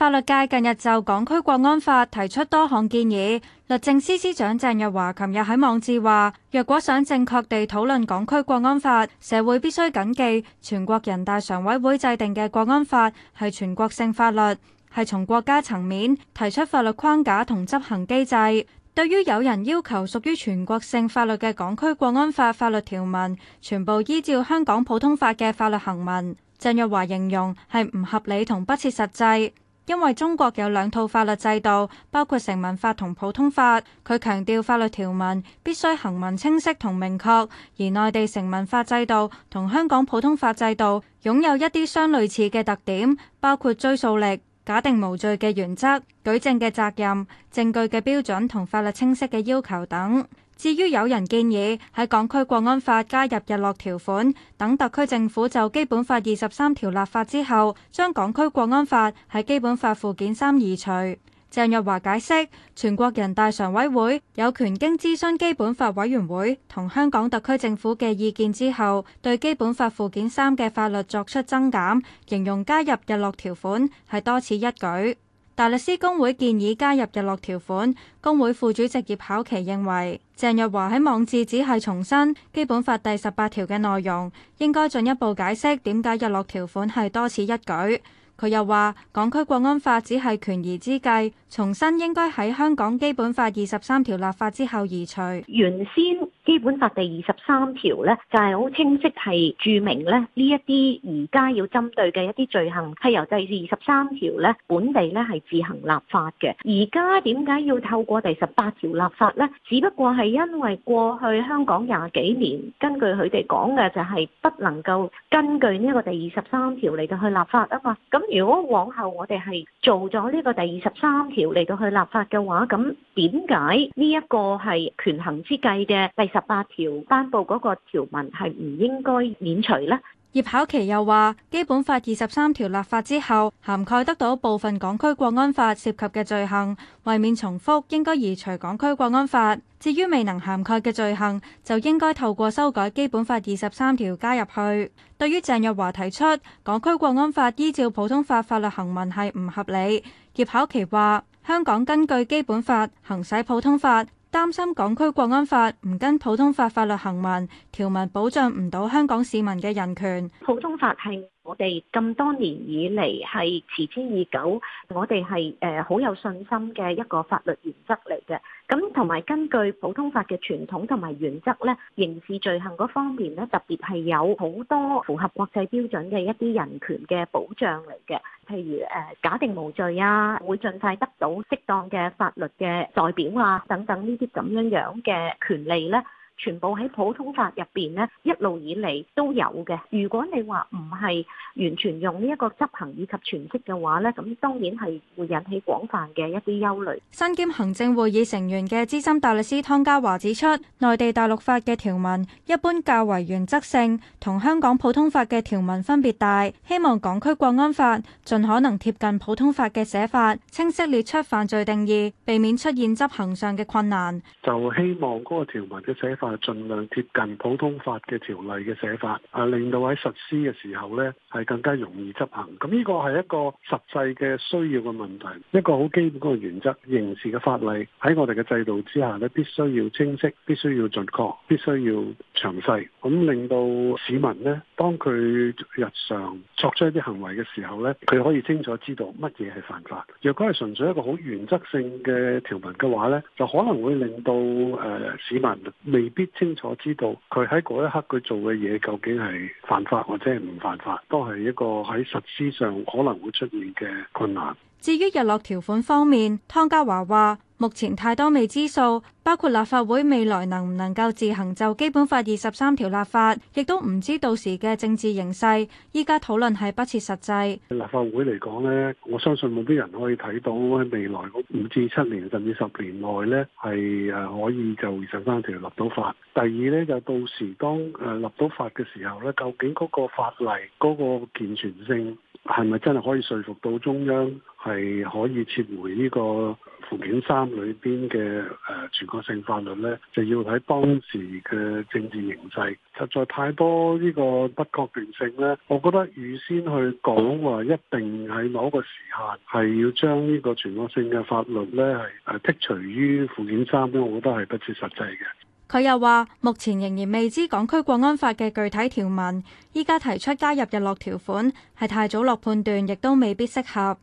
法律界近日就港區國安法提出多項建議，律政司司長鄭若驊琴日喺網誌話，若果想正確地討論港區國安法，社會必須謹記，全國人大常委會制定嘅國安法係全國性法律，係從國家層面提出法律框架同執行機制。對於有人要求屬於全國性法律嘅港區國安法法律條文全部依照香港普通法嘅法律行文，鄭若驊形容係唔合理同不切實際。因為中國有兩套法律制度，包括成文法同普通法。佢強調法律條文必須行文清晰同明確，而內地成文法制度同香港普通法制度擁有一啲相類似嘅特點，包括追溯力。假定無罪嘅原則、舉證嘅責任、證據嘅標準同法律清晰嘅要求等。至於有人建議喺港區國安法加入日落條款，等特區政府就基本法二十三條立法之後，將港區國安法喺基本法附件三移除。鄭若驊解釋，全國人大常委會有權經諮詢基本法委員會同香港特區政府嘅意見之後，對基本法附件三嘅法律作出增減，形容加入日落條款係多此一舉。大律師公會建議加入日落條款，公會副主席葉巧琪認為，鄭若驊喺網誌只係重申基本法第十八條嘅內容，應該進一步解釋點解日落條款係多此一舉。佢又話：港區國安法只係權宜之計，重新應該喺香港基本法二十三條立法之後移除。原先基本法第二十三條呢，就係好清晰係註明呢呢一啲而家要針對嘅一啲罪行，係由第二十三條呢本地呢係自行立法嘅。而家點解要透過第十八條立法呢？只不過係因為過去香港廿幾年根據佢哋講嘅就係不能夠根據呢個第二十三條嚟到去立法啊嘛，咁。如果往後我哋係做咗呢個第二十三條嚟到去立法嘅話，咁點解呢一個係權宜之計嘅第十八條頒布嗰個條文係唔應該免除呢？葉巧琪又話：基本法二十三條立法之後，涵蓋得到部分港區國安法涉及嘅罪行，為免重複，應該移除港區國安法。至於未能涵蓋嘅罪行，就應該透過修改基本法二十三條加入去。對於鄭若驊提出港區國安法依照普通法法律行文係唔合理，葉巧琪話：香港根據基本法行使普通法。擔心港區國安法唔跟普通法法律行文，條文保障唔到香港市民嘅人權，普通法係我哋咁多年以嚟係持之以恆，我哋係誒好有信心嘅一個法律原則嚟嘅。咁同埋根據普通法嘅傳統同埋原則咧，刑事罪行嗰方面咧，特別係有好多符合國際標準嘅一啲人權嘅保障嚟嘅，譬如誒假定無罪啊，會盡快得到適當嘅法律嘅代表啊，等等呢啲咁樣樣嘅權利咧。全部喺普通法入邊咧，一路以嚟都有嘅。如果你話唔係完全用呢一個執行以及詮釋嘅話咧，咁當然係會引起廣泛嘅一啲憂慮。身兼行政會議成員嘅資深大律師湯家驊指出，內地大陸法嘅條文一般較為原則性，同香港普通法嘅條文分別大。希望港區國安法盡可能貼近普通法嘅寫法，清晰列出犯罪定義，避免出現執行上嘅困難，就希望嗰個條文嘅寫法。啊，盡量貼近普通法嘅條例嘅寫法，啊，令到喺實施嘅時候呢係更加容易執行。咁呢個係一個實際嘅需要嘅問題，一個好基本嘅原則。刑事嘅法例喺我哋嘅制度之下呢，必須要清晰，必須要準確，必須要詳細，咁、嗯、令到市民呢，當佢日常作出一啲行為嘅時候呢，佢可以清楚知道乜嘢係犯法。若果係純粹一個好原則性嘅條文嘅話呢，就可能會令到誒、呃、市民未必清楚知道佢喺嗰一刻佢做嘅嘢究竟係犯法或者係唔犯法，都係一個喺實施上可能會出現嘅困難。至於日落條款方面，湯家驊話。目前太多未知數，包括立法會未來能唔能夠自行就基本法二十三條立法，亦都唔知到時嘅政治形勢。依家討論係不切實際。立法會嚟講呢，我相信冇啲人可以睇到喺未來五至七年甚至十年內呢，係誒可以就二十三條立到法。第二呢，就到時當誒立到法嘅時候呢，究竟嗰個法例、嗰個健全性係咪真係可以說服到中央係可以撤回呢個附件三裏邊嘅誒全國性法律咧，就要睇當時嘅政治形勢，實在太多呢個不確定性咧。我覺得預先去講話一定喺某個時限係要將呢個全國性嘅法律咧係誒剔除於附件三咧，我覺得係不切實際嘅。佢又話，目前仍然未知港區國安法嘅具體條文，依家提出加入日落條款，係太早落判斷，亦都未必適合。